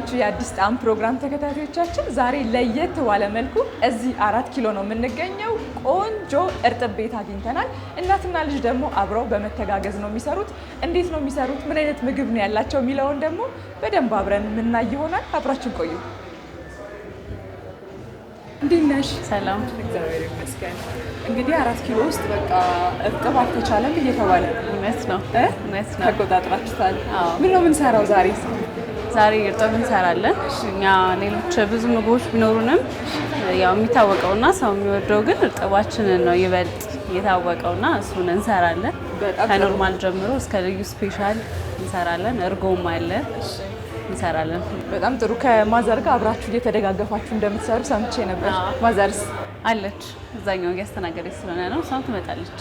ናችሁ የአዲስ ጣዕም ፕሮግራም ተከታታዮቻችን። ዛሬ ለየት ባለ መልኩ እዚህ አራት ኪሎ ነው የምንገኘው። ቆንጆ እርጥብ ቤት አግኝተናል። እናትና ልጅ ደግሞ አብረው በመተጋገዝ ነው የሚሰሩት። እንዴት ነው የሚሰሩት? ምን አይነት ምግብ ነው ያላቸው የሚለውን ደግሞ በደንብ አብረን የምናይ ይሆናል። አብራችን ቆዩ። እንዴት ነሽ? ሰላም፣ እግዚአብሔር ይመስገን። እንግዲህ አራት ኪሎ ውስጥ በቃ እርጥብ አልተቻለም እየተባለ እውነት ነው፣ እውነት ነው። ተቆጣጥራችኋል። ምን ነው የምንሰራው ዛሬ? ዛሬ እርጥብ እንሰራለን። እኛ ሌሎች ብዙ ምግቦች ቢኖሩንም ያው የሚታወቀውና ሰው የሚወደው ግን እርጥባችንን ነው ይበልጥ የታወቀውና እሱን እንሰራለን። ከኖርማል ጀምሮ እስከ ልዩ ስፔሻል እንሰራለን። እርጎም አለ እንሰራለን። በጣም ጥሩ። ከማዘር ጋር አብራችሁ እየተደጋገፋችሁ እንደምትሰሩ ሰምቼ ነበር። ማዘርስ አለች እዛኛው እያስተናገደች ስለሆነ ነው እሷም ትመጣለች።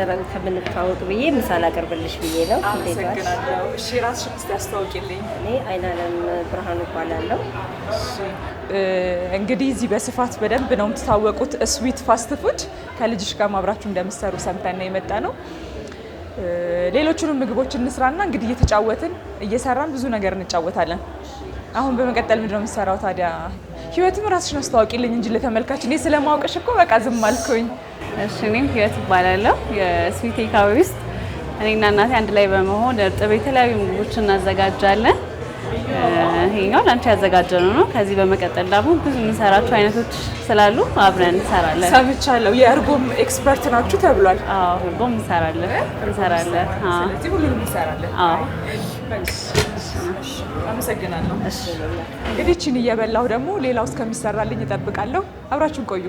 ተደረገ ከምንተዋወቅ ብዬ ምሳ ላቀርብልሽ ብዬ ነው። አመሰግናለሁ። እሺ ራስሽን እስኪ አስተዋውቂልኝ። እኔ አይናለም ብርሃኑ እባላለሁ። እንግዲህ እዚህ በስፋት በደንብ ነው የምትታወቁት። ስዊት ፋስት ፉድ ከልጅሽ ጋር ማብራችሁ እንደምትሰሩ ሰምተን ነው የመጣ ነው። ሌሎቹንም ምግቦች እንስራና እንግዲህ እየተጫወትን እየሰራን ብዙ ነገር እንጫወታለን። አሁን በመቀጠል ነው የምትሰራው ታዲያ? ህይወትም ራስሽን አስተዋውቂልኝ እንጂ ለተመልካች እኔ ስለማውቀሽ እኮ በቃ ዝም አልኩኝ። እሺ እኔም ህይወት እባላለሁ። የስዊቴ ካባቢ ውስጥ እኔና እናቴ አንድ ላይ በመሆን እርጥብ የተለያዩ ምግቦች እናዘጋጃለን። ይሄኛው ለአንቺ ያዘጋጀነው ነው። ከዚህ በመቀጠል ደግሞ ብዙ የምንሰራቸው አይነቶች ስላሉ አብረን እንሰራለን። ሰምቻለሁ፣ የእርጎም ኤክስፐርት ናችሁ ተብሏል። እርጎም እንሰራለን እንሰራለን። ስለዚህ ሁሉንም እንሰራለን። አመሰግናለሁ። እንግዲህ እችን እየበላሁ ደግሞ ሌላው እስከሚሰራልኝ እጠብቃለሁ። አብራችሁን ቆዩ።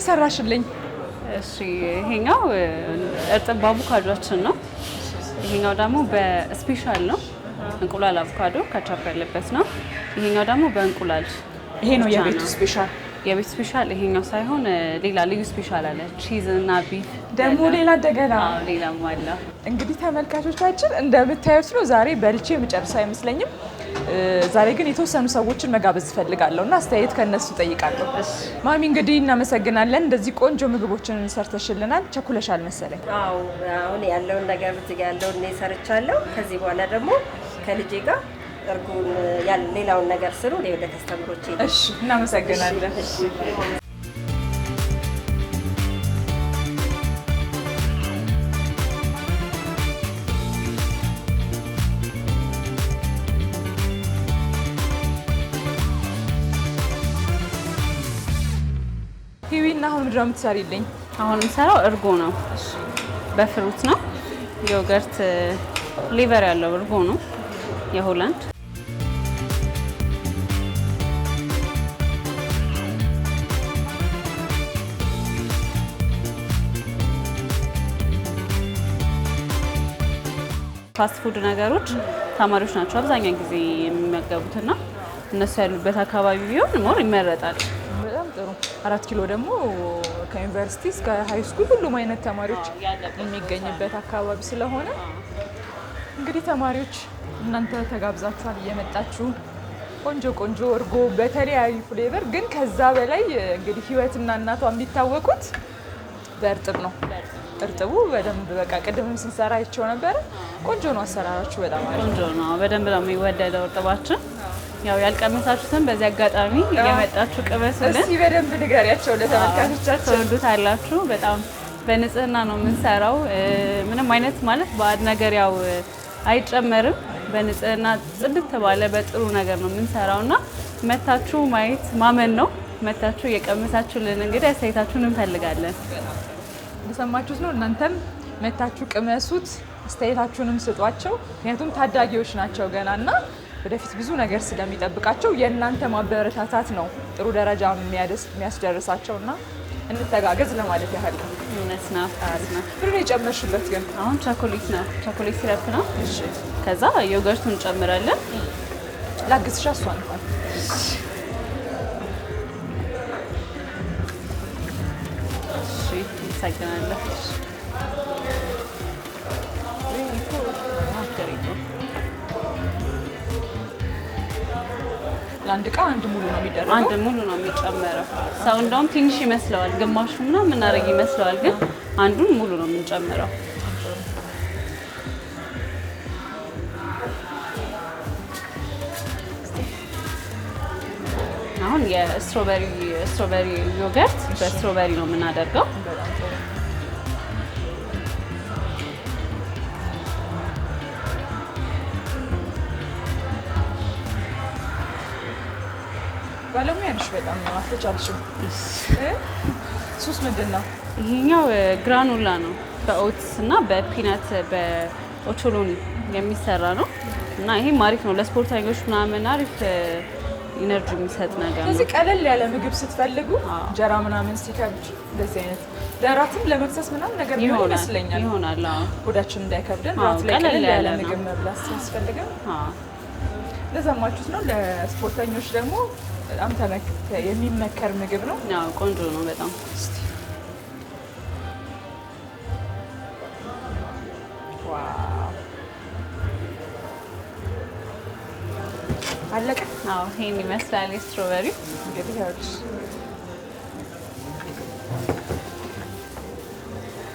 የሰራሽልኝ? እሺ ይሄኛው እርጥብ አቮካዶችን ነው። ይሄኛው ደግሞ በስፔሻል ነው። እንቁላል አቮካዶ ከቻፕ ያለበት ነው። ይሄኛው ደግሞ በእንቁላል ይሄ ነው የቤቱ ስፔሻል የቤት ስፔሻል ይሄኛው ሳይሆን ሌላ ልዩ ስፔሻል አለ። ቺዝ እና ቢ ደግሞ ሌላ እንደገና ሌላም አለ። እንግዲህ ተመልካቾቻችን እንደምታዩት ነው። ዛሬ በልቼ የምጨርስ አይመስለኝም። ዛሬ ግን የተወሰኑ ሰዎችን መጋበዝ እፈልጋለሁ እና አስተያየት ከእነሱ እጠይቃለሁ። ማሚ እንግዲህ እናመሰግናለን። እንደዚህ ቆንጆ ምግቦችን ሰርተሽልናል። ቸኩለሻል መሰለኝ። አዎ አሁን ያለውን ነገር ብትጋ ያለውን እኔ ሰርቻለሁ። ከዚህ በኋላ ደግሞ ከልጄ ጋር እርጉን ሌላውን ነገር ስሩ ወደ ተስተምሮቼ። እሺ እናመሰግናለን። ነው የምትሰሪልኝ? አሁን የምሰራው እርጎ ነው። በፍሩት ነው። ዮገርት ሊቨር ያለው እርጎ ነው የሆላንድ ፋስት ፉድ ነገሮች ተማሪዎች ናቸው አብዛኛው ጊዜ የሚመገቡትና እነሱ ያሉበት አካባቢ ቢሆን ሞር ይመረጣል። በጣም ጥሩ አራት ኪሎ ደግሞ ከዩኒቨርሲቲ እስከ ሀይ ስኩል ሁሉም አይነት ተማሪዎች የሚገኝበት አካባቢ ስለሆነ እንግዲህ ተማሪዎች እናንተ ተጋብዛችኋል። እየመጣችሁ ቆንጆ ቆንጆ እርጎ በተለያዩ ፍሌቨር ግን ከዛ በላይ እንግዲህ ህይወትና እናቷ የሚታወቁት በእርጥብ ነው። እርጥቡ በደንብ በቃ ቅድምም ይቸው ነበረ። ቆንጆ ነው አሰራራችሁ። በጣም ቆንጆ ነው። በደንብ ነው የሚወደደው እርጥባችን ያው ያልቀመሳችሁትን በዚህ አጋጣሚ የመጣችሁ ቅመሱልን። እስኪ በደንብ ንገሪያቸው ለተመልካቾቻችን። ትወዱታላችሁ። በጣም በንጽህና ነው የምንሰራው። ምንም አይነት ማለት ባዕድ ነገር ያው አይጨመርም። በንጽህና ጽድት ባለ በጥሩ ነገር ነው የምንሰራው እና መታችሁ ማየት ማመን ነው። መታችሁ የቀመሳችሁልን እንግዲህ አስተያየታችሁን እንፈልጋለን። እንደሰማችሁት ነው። እናንተም መታችሁ ቅመሱት፣ አስተያየታችሁንም ስጧቸው። ምክንያቱም ታዳጊዎች ናቸው ገና እና ወደፊት ብዙ ነገር ስለሚጠብቃቸው የእናንተ ማበረታታት ነው ጥሩ ደረጃ የሚያስደርሳቸው እና እንተጋገዝ ለማለት ያህል ነው። እውነት ነው። ምንድን ነው የጨመርሽበት ግን? አሁን ቸኮሌት ነው። ቸኮሌት ሲረፍ ነው። ከዛ ዮገርቱን እንጨምራለን። ላግዝሽ እሷ እንኳን እሺ፣ ይሳገናለሁ አንድ እቃ አንድ ሙሉ ነው የሚደረገው። አንድ ሙሉ ነው የሚጨመረው። ሰው እንደውም ትንሽ ይመስለዋል፣ ግማሹ ምናምን የምናደርግ ይመስለዋል፣ ግን አንዱን ሙሉ ነው የምንጨምረው። አሁን የስትሮበሪ ዮገርት በስትሮበሪ ነው የምናደርገው። ባለሙያ ነሽ። በጣም አልተቻልሽም። ሱስ ምንድን ነው? ይሄኛው ግራኑላ ነው። በኦትስ እና በፒነት በኦቾሎኒ የሚሰራ ነው እና ይሄም አሪፍ ነው ለስፖርተኞች ምናምን አሪፍ ኢነርጂ የሚሰጥ ነገር ነው። ስለዚህ ቀለል ያለ ምግብ ስትፈልጉ እንጀራ ምናምን ሲከብድ እንደዚህ አይነት ለራትም ለመክሰስ ምናምን ነገር ቢሆን ይመስለኛል ይሆናል። ሆዳችን እንዳይከብደን ራት ላይ ቀለል ያለ ምግብ መብላት ሲያስፈልገን ለዘማችሁት ነው። ለስፖርተኞች ደግሞ በጣም የሚመከር ምግብ ነው። ቆንጆ ነው በጣም አለቀ። ይህን ይመስላል የስትሮበሪ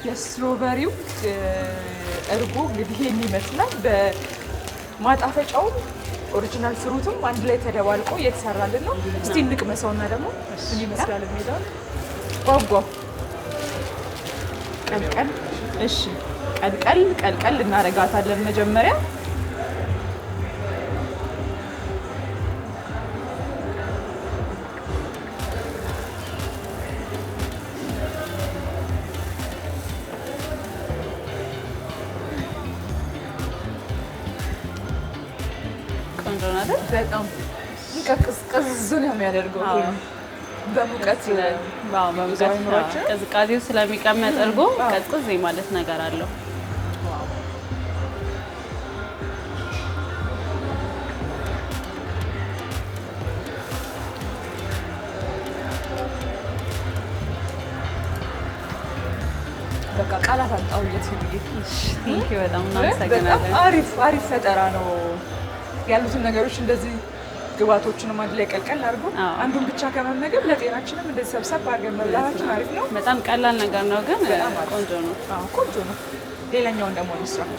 የስትሮበሪው እርጎ እንግዲህ ይህን ይመስላል። በማጣፈጫውም ኦሪጂናል ፍሩትም አንድ ላይ ተደባልቆ እየተሰራልን ነው። እስቲ እንቅመሰውና ደግሞ ምን ይመስላል የሚለውን ጓጓ ቀልቀል። እሺ ቀልቀል ቀልቀል እናረጋታለን መጀመሪያ የሚያደርገው በሙቀት ይላል። ቅዝቃዜው ስለሚቀመጥ እርጎ ቀዝቅዝ ማለት ነገር አለው። በቃ ቃላት አጣውለት በጣም አሪፍ አሪፍ ፈጠራ ነው ያሉትን ነገሮች እንደዚህ ግባቶችንም አንድ ላይ ቀልቀል አድርጎ አንዱን ብቻ ከመመገብ ለጤናችንም እንደዚህ ሰብሰብ አድርገን መብላታችን አሪፍ ነው። በጣም ቀላል ነገር ነው፣ ግን ቆንጆ ነው። ቆንጆ ነው። ሌላኛውን ደግሞ እንስራ።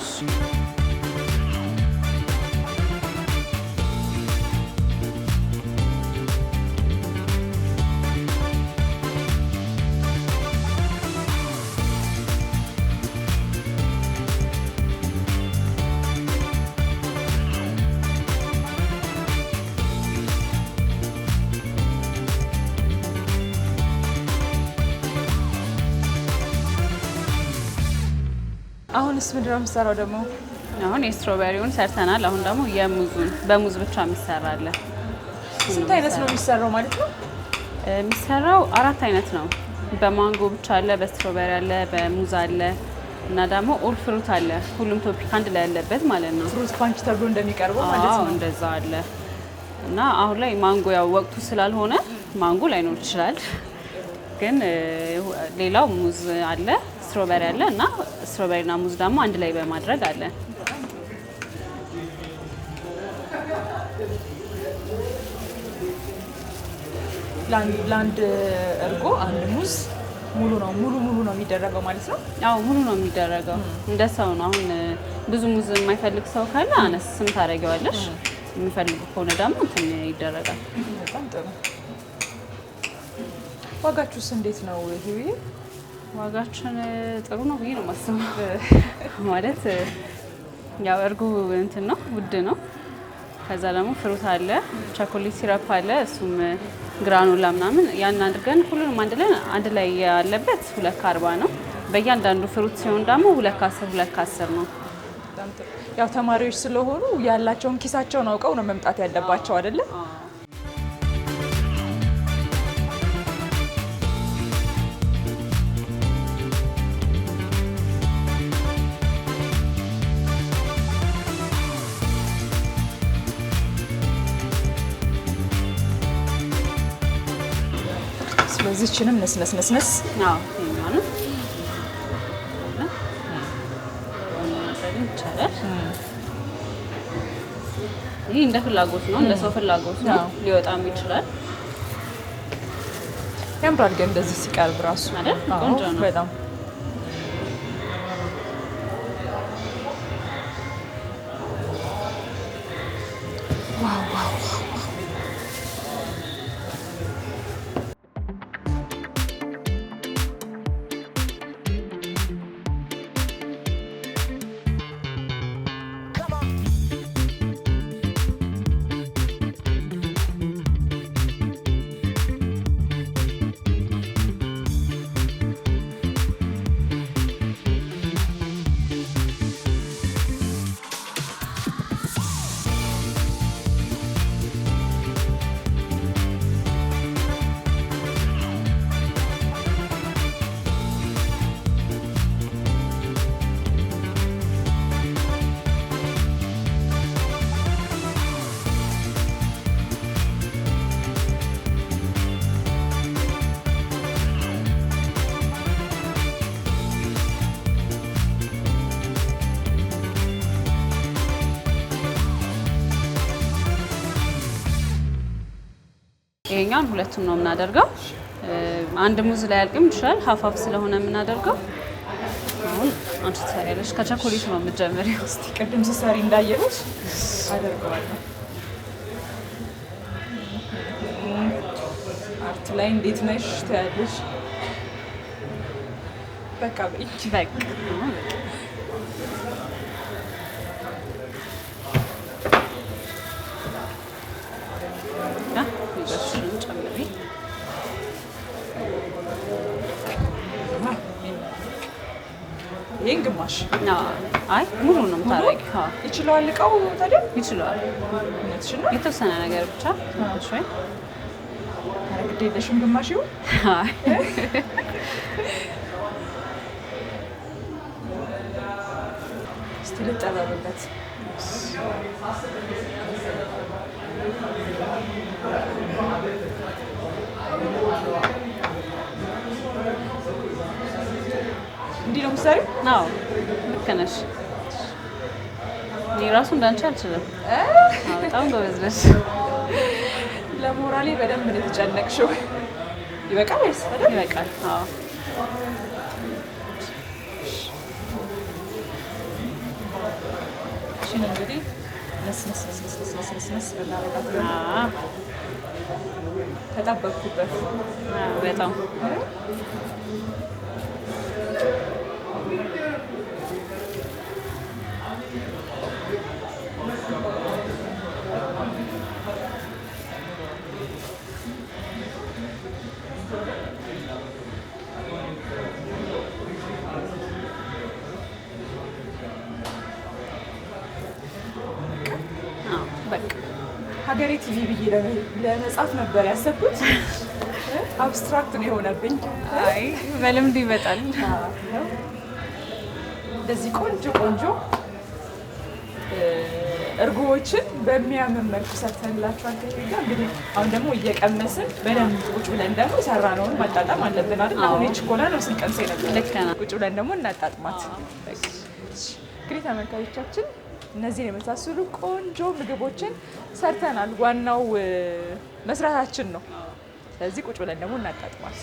አሁንስ ምንድን ነው የምትሰራው ደግሞ? አሁን የስትሮበሪውን ሰርተናል። አሁን ደግሞ የሙዙን በሙዝ ብቻ የሚሰራለን። ስንት አይነት ነው የሚሰራው ማለት ነው? የሚሰራው አራት አይነት ነው። በማንጎ ብቻ አለ፣ በስትሮበሪ አለ፣ በሙዝ አለ እና ደግሞ ኦል ፍሩት አለ። ሁሉም ቶፒክ አንድ ላይ ያለበት ማለት ነው። ፍሩት ፓንች ተብሎ እንደሚቀርበው ማለት ነው። እንደዛ አለ እና አሁን ላይ ማንጎ ያው ወቅቱ ስላልሆነ ማንጎ ላይኖር ይችላል፣ ግን ሌላው ሙዝ አለ ስትሮበሪ አለ እና ስትሮበሪና ሙዝ ደግሞ አንድ ላይ በማድረግ አለ። ለአንድ እርጎ አንድ ሙዝ ሙሉ ነው። ሙሉ ሙሉ ነው የሚደረገው ማለት ነው። አዎ ሙሉ ነው የሚደረገው እንደ ሰው ነው። አሁን ብዙ ሙዝ የማይፈልግ ሰው ካለ አነስ ስም ታደርጊዋለሽ። የሚፈልጉ ከሆነ ደግሞ እንትን ይደረጋል። በጣም ጥሩ። ዋጋችሁስ እንዴት ነው? ዋጋችን ጥሩ ነው ብዬ ነው የማስበው። ማለት ያው እርጉ እንትን ነው ውድ ነው። ከዛ ደግሞ ፍሩት አለ፣ ቸኮሌት ሲረፕ አለ፣ እሱም ግራኖላ ምናምን ያን አድርገን ሁሉንም አንድ ላይ አንድ ላይ ያለበት ሁለት ከአርባ ነው። በእያንዳንዱ ፍሩት ሲሆን ደግሞ ሁለት ከአስር ሁለት ከአስር ነው። ያው ተማሪዎች ስለሆኑ ያላቸውን ኪሳቸውን አውቀው ነው መምጣት ያለባቸው አይደለም። እዚችንም ነስነስነስነስ ይቻላል። ይህ እንደ ፍላጎት ነው፣ እንደ ሰው ፍላጎት ነው። ሊወጣም ይችላል። ያምራል ግን እንደዚህ ሲቀርብ ራሱ ቆንጆ ነው በጣም ላም ሁለቱም ነው የምናደርገው። አንድ ሙዝ ላይ አልቅም ይችላል ሀፋፍ ስለሆነ የምናደርገው። አሁን አንቺ ትሰሪያለሽ። ከቸኮሌት ነው የምትጀምሪው። እስቲ ቅድም ስሰሪ እንዳየሁት አደርገዋለሁ። አርት ላይ እንዴት ነሽ ትያለሽ። በቃ በቃ ይሄን ግማሽ አይ ሙሉ ነው የምታደርጊው። ይችላል እቃው ታዲያ ይችላል። የተወሰነ ነገር ብቻ እሺ። ግድ የለሽም ግማሽ ይሁን። አይ እስቲ ልጠበብበት። ነው የምትሰሪው? አዎ ልክ ነሽ። እኔ ራሱ እንዳንቺ አልችልም። በጣም ጎበዝ ነሽ። ለሞራሌ በደንብ ነው የተጨነቅሽው። ይበቃል ወይስ ይበቃል? አዎ በጣም ሀገሬ ቲቪ ብዬ ለመጻፍ ነበር ያሰብኩት። አብስትራክት ነው የሆነብኝ። አይ በልምድ ይመጣል። እንደዚህ ቆንጆ ቆንጆ እርጎዎችን በሚያምን መልኩ ሰርተንላችኋል። ከኢትዮጵያ እንግዲህ አሁን ደግሞ እየቀመስን በደንብ ቁጭ ብለን ደግሞ የሰራነውን ማጣጣም አለብን አይደል? አሁን የችኮላ ነው ስንቀምሰ ነበር። ቁጭ ብለን ደግሞ እናጣጥማት። እንግዲህ ተመልካቾቻችን እነዚህን የመሳሰሉ ቆንጆ ምግቦችን ሰርተናል። ዋናው መስራታችን ነው። ስለዚህ ቁጭ ብለን ደግሞ እናጣጥማል።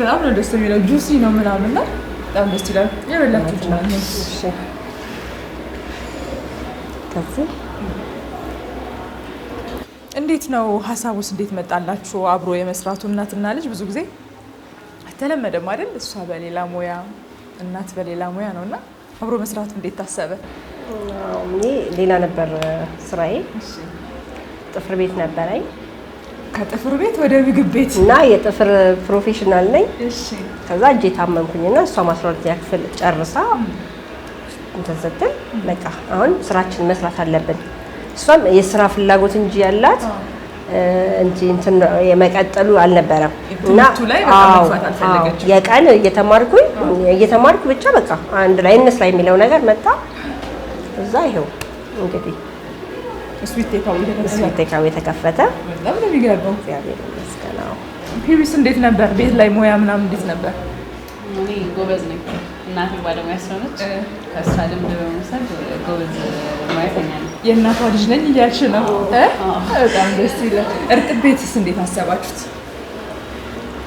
በጣም ነው ደስ የሚለው። ጁሲ ነው ምናምን እና በጣም ደስ ይላል። የበላችሁ ይችላል። እንዴት ነው ሀሳቡስ? እንዴት መጣላችሁ አብሮ የመስራቱ? እናትና ልጅ ብዙ ጊዜ ተለመደም አይደል? እሷ በሌላ ሙያ እናት በሌላ ሙያ ነው እና አብሮ መስራቱ እንዴት ታሰበ? ሌላ ነበር ስራዬ፣ ጥፍር ቤት ነበረኝ ከጥፍር ቤት ወደ ምግብ ቤት እና የጥፍር ፕሮፌሽናል ነኝ። ከዛ እጄ ታመምኩኝና እሷም አስራ ሁለተኛ ክፍል ጨርሳ እንተዘግን በቃ አሁን ስራችን መስራት አለብን። እሷም የስራ ፍላጎት እንጂ ያላት እንትን የመቀጠሉ አልነበረም እና የቀን እየተማርኩኝ እየተማርኩ ብቻ በቃ አንድ ላይ እነስ ላይ የሚለው ነገር መጣ። እዛ ይሄው ። እንግዲህ እሱ ቴካዌ የተከፈተ በጣም ነው የሚገርመው። እግዚአብሔር ይመስገን። ፒቢስ እንዴት ነበር? ቤት ላይ ሙያ ምናምን እንዴት ነበር? እኔ ጎበዝ ነኝ። እናቴ ባለሙያ ስለሆነች ከእሷ ልምድ በመውሰድ ጎበዝ ሙያተኛ ነኝ። የእናቷ ልጅ ነኝ እያልሽ ነው። በጣም ደስ ይላል። እርጥብ ቤትስ እንዴት አሰባችሁት?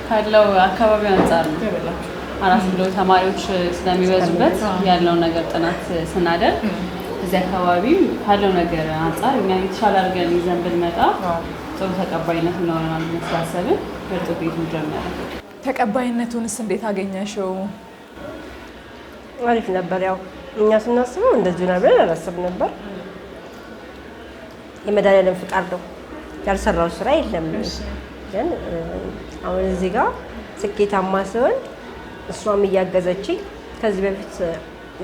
ካለው አካባቢ አንጻር ነው አራት ብሎ ተማሪዎች ስለሚበዙበት ያለውን ነገር ጥናት ስናደርግ እዚህ አካባቢ ካለው ነገር አንጻር እኛ የተሻለ አድርገን ይዘን ብንመጣ ጥሩ ተቀባይነት ይኖረናል ስላሰብን ምርጥ ቤቱ ጀመረ። ተቀባይነቱንስ እንዴት አገኘሽው? አሪፍ ነበር። ያው እኛ ስናስበው እንደዚህ ነው ብለን ነበር። የመድኃኒዓለም ፍቃድ ነው ያልሰራው ስራ የለም። ግን አሁን እዚህ ጋር ስኬታማ ስሆን እሷም እያገዘችኝ ከዚህ በፊት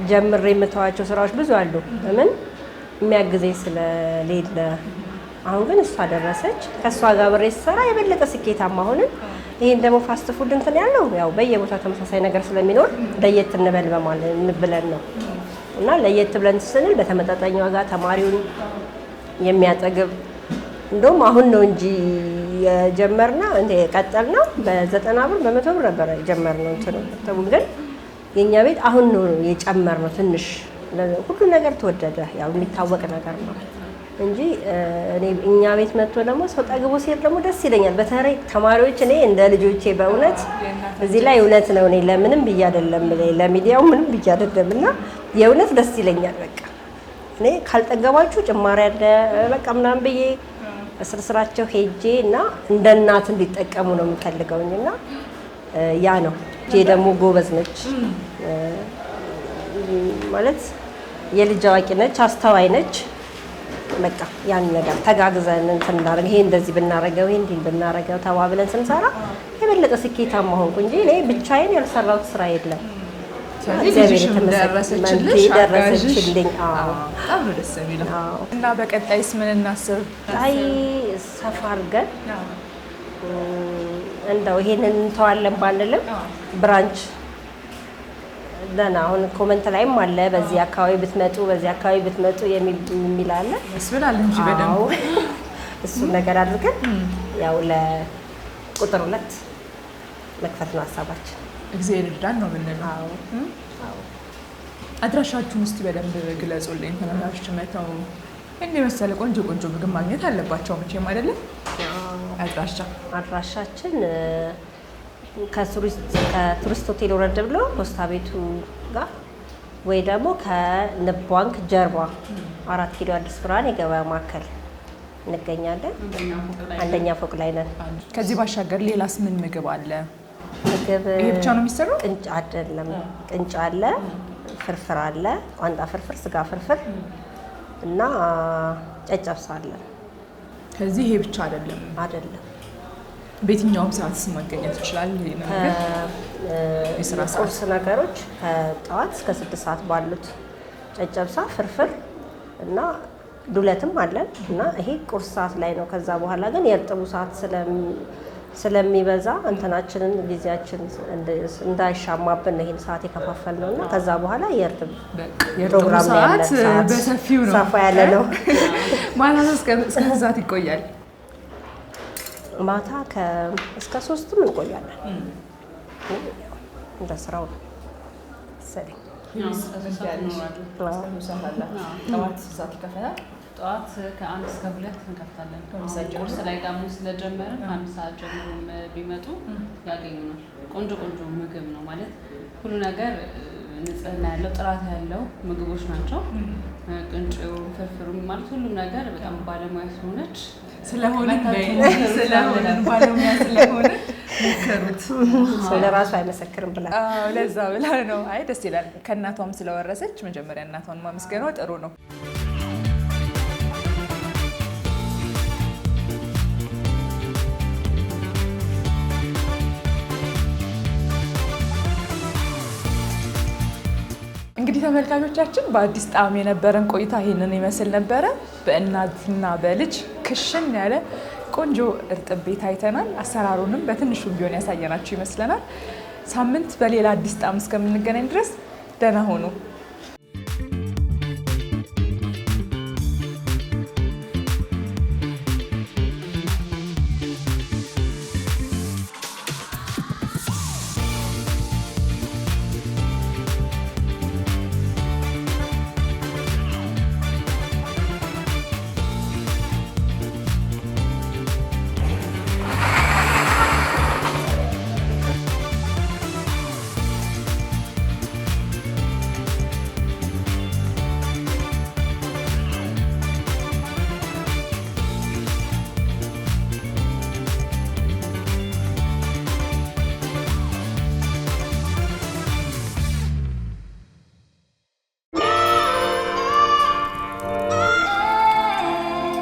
ጀምሬ የምተዋቸው ስራዎች ብዙ አሉ። በምን የሚያግዘኝ ስለሌለ። አሁን ግን እሷ ደረሰች። ከእሷ ጋር ብሬ ስሰራ የበለጠ ስኬታማ ሆንን። ይህን ደግሞ ፋስት ፉድ እንትን ያለው ያው በየቦታው ተመሳሳይ ነገር ስለሚኖር ለየት እንበል ብለን ነው እና ለየት ብለን ስንል በተመጣጣኝ ዋጋ ተማሪውን የሚያጠግብ እንደውም አሁን ነው እንጂ የጀመርና ቀጠል ነው በዘጠና ብር በመቶ ብር ነበረ የጀመርነው እንትኑ ግን የእኛ ቤት አሁን ነው የጨመር ነው ትንሽ ሁሉ ነገር ተወደደ። ያው የሚታወቅ ነገር ነው እንጂ እኔ እኛ ቤት መጥቶ ደግሞ ሰው ጠግቦ ሲሄድ ደግሞ ደስ ይለኛል። በተለይ ተማሪዎች እኔ እንደ ልጆቼ በእውነት እዚህ ላይ እውነት ነው። እኔ ለምንም ብዬ አይደለም፣ ለሚዲያው ምንም ብዬ አይደለም። እና የእውነት ደስ ይለኛል። በቃ እኔ ካልጠገባችሁ ጭማሪ ያለ በቃ ምናምን ብዬ ስርስራቸው ሄጄ እና እንደ እናት እንዲጠቀሙ ነው የምፈልገው እና ያ ነው ልጄ ደግሞ ጎበዝ ነች ማለት የልጅ አዋቂ ነች፣ አስተዋይ ነች። በቃ ያን ነገር ተጋግዘን እንትን እናደርግ ይሄ እንደዚህ ብናረገው ይሄ እንዲህ ብናረገው ተባብለን ስንሰራ የበለጠ ስኬታማ ሆንኩ እንጂ እኔ ብቻዬን ያልሰራሁት ስራ የለም። ደረሰችልኝ እና በቀጣይስ ምን እናስብ? ቀጣይ ሰፋ አድርገን እንደው ይሄንን እንተዋለን ባንልም ብራንች ደህና አሁን ኮመንት ላይም አለ በዚህ አካባቢ ብትመጡ በዚህ አካባቢ ብትመጡ የሚል አለ። እሱን ነገር አድርገን ያው ለቁጥር ሁለት መክፈት ነው ሀሳባችን። እግዚአብሔር ይርዳን ነው የምንለው። አድራሻችሁን እስቲ በደንብ ግለጹልኝ ተመራችሁ መተው እንደ መሰለ ቆንጆ ቆንጆ ምግብ ማግኘት አለባቸው መቼም አይደለም። አድራሻ አድራሻችን ከቱሪስት ሆቴል ወረድ ብሎ ፖስታ ቤቱ ጋር ወይ ደግሞ ከንብ ባንክ ጀርባ አራት ኪሎ አዲስ ብርሃን የገበያ ማዕከል እንገኛለን። አንደኛ ፎቅ ላይ ነን። ከዚህ ባሻገር ሌላስ ምን ምግብ አለ? ምግብ ይሄ ብቻ ነው የሚሰራው? ቅንጫ አይደለም። ቅንጫ አለ፣ ፍርፍር አለ፣ ቋንጣ ፍርፍር፣ ስጋ ፍርፍር እና ጨጨብሳለን። ከዚህ ይሄ ብቻ አይደለም አይደለም በየትኛውም ሰዓት መገኘት ይችላል። ቁርስ ነገሮች ከጠዋት እስከ ስድስት ሰዓት ባሉት ጨጨብሳ፣ ፍርፍር እና ዱለትም አለን እና ይሄ ቁርስ ሰዓት ላይ ነው። ከዛ በኋላ ግን የእርጥቡ ሰዓት ስለሚበዛ እንትናችንን ጊዜያችን እንዳይሻማብን ይህን ሰዓት የከፋፈል ነው እና ከዛ በኋላ የእርድ ፕሮግራም በሰፊው ነው፣ ሰፋ ያለ ነው። ማታ እስከ ሰዓት ይቆያል። ማታ እስከ ሶስትም እንቆያለን። እንደ ስራው ነው መሰለኝ። ጠዋት ከአንድ እስከ ሁለት እንከፍታለን። ቁርስ ላይ ደግሞ ስለጀመርን አንድ ሰዓት ጀምሮ ቢመጡ ያገኙናል። ቆንጆ ቆንጆ ምግብ ነው ማለት ሁሉ ነገር ንጽህና ያለው ጥራት ያለው ምግቦች ናቸው። ቅንጭው፣ ፍርፍሩ ማለት ሁሉም ነገር በጣም ባለሙያ ስለሆነች ስለሆነ ባለሙያ ስለሆነ ሞከሩት አይመሰክርም ብላ ለዛ ብላ ነው። አይ ደስ ይላል። ከእናቷም ስለወረሰች መጀመሪያ እናቷን ማመስገኗ ጥሩ ነው። እንግዲህ ተመልካቾቻችን በአዲስ ጣዕም የነበረን ቆይታ ይህንን ይመስል ነበረ። በእናትና በልጅ ክሽን ያለ ቆንጆ እርጥብ ቤት አይተናል። አሰራሩንም በትንሹ ቢሆን ያሳየናችሁ ይመስለናል። ሳምንት በሌላ አዲስ ጣዕም እስከምንገናኝ ድረስ ደህና ሆኑ።